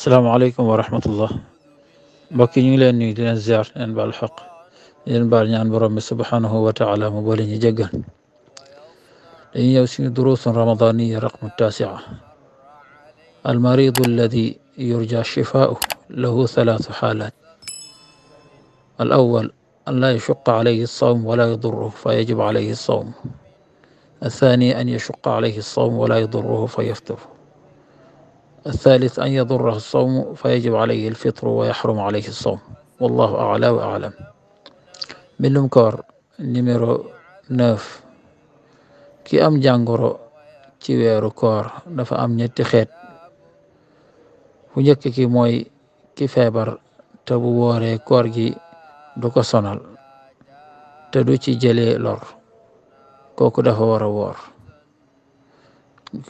السلام عليكم ورحمة الله بكي نيلا ني دين زيار الحق بالحق ان بار نيان سبحانه وتعالى مبولي ني جغان ان يوسين دروس رمضانية رقم التاسعة المريض الذي يرجى شفاؤه له ثلاث حالات الأول أن لا يشق عليه الصوم ولا يضره فيجب عليه الصوم الثاني أن يشق عليه الصوم ولا يضره فيفتر الثالث أن يضره الصوم فيجب عليه الفطر ويحرم عليه الصوم والله أعلى وأعلم من المكار نمرو نوف كي أم جانغرو كي ويرو كار نفا أم نتخيت ونكي كي موي كي فابر تبو واري كارجي دوكو سونال تدو جلي لور كوكو دفا وار, وار.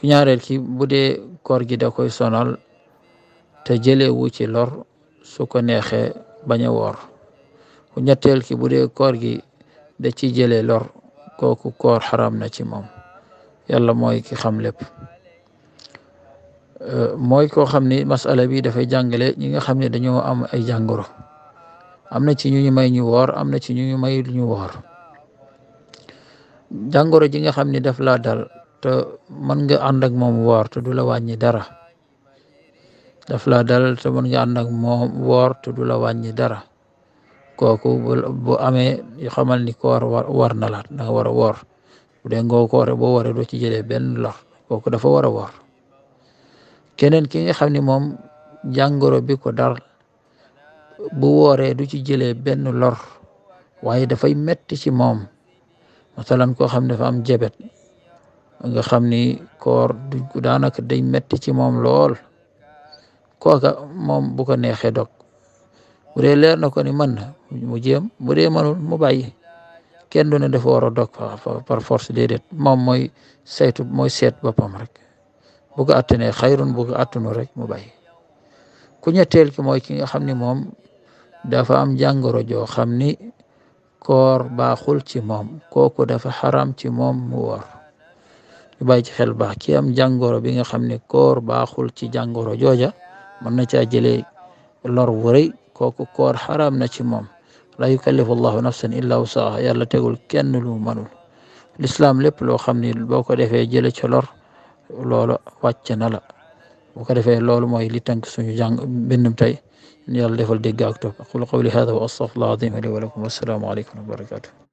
ñaareel ki bu dee koor gi da koy sonal te jëlewu ci lor su ko neexee bañ a woor ku ñetteel ki bu dee koor gi da ci jële lor kooku koor xaram na ci moom yàlla mooy ki xam lépp euh, mooy koo xam ni masala bi dafay jàngale ñi nga xam ne dañoo am ay jàngoro am na ci ñu may ñu woor am na ci ñu ñu may ñu woor jàngoro ji nga xam ni daf laa dal te mën nga ànd moom woor te du la wàññi dara daf la dal te mën nga ànd ak moom woor te du la wàññi dara kooku bu amee xamal ni koor war na la da nga war a woor bu ko ngoo koore ci jëlee benn lor kooku dafa war a woor keneen ki nga xam ne moom jàngoro bi ko bu wooree du ci jële benn lor waaye dafay metti ci moom masalan koo xam ne dafa am jabet nga xam ni koor du daanaka day metti ci moom lool kooka moom bu ko neexee dog bu dee leer na ko ni mën na mu jéem bu dee mënul mu bàyyi kenn du ne dafa war a dog par force déedéet moom mooy saytu mooy seet boppam rek bu ko attanee xayrun bu ko rek mu bàyyi ku ñetteel ki mooy ki nga xam ni moom dafa am jàngoro joo xam ni koor baaxul ci moom kooku dafa xaram ci moom mu woor ñu bàyyi ci xel baax ki am jàngoro bi nga xam ne koor baaxul ci jàngoro jooja mën na caa jëlee lor wu rëy kooku koor xaraam na ci moom laa yukallifu allahu nafsan illa wusaha yàlla tegul kenn lu manul lislaam lépp loo xam ni boo ko defee jële ci lor loolu wàcc na la bu ko defee loolu mooy li tënk suñu jàng bindum tey yàlla defal dégg ak topp aqulu hada wa astaghfirullaha al-azim li wa lakum wassalaamu aleykum wa barakatuh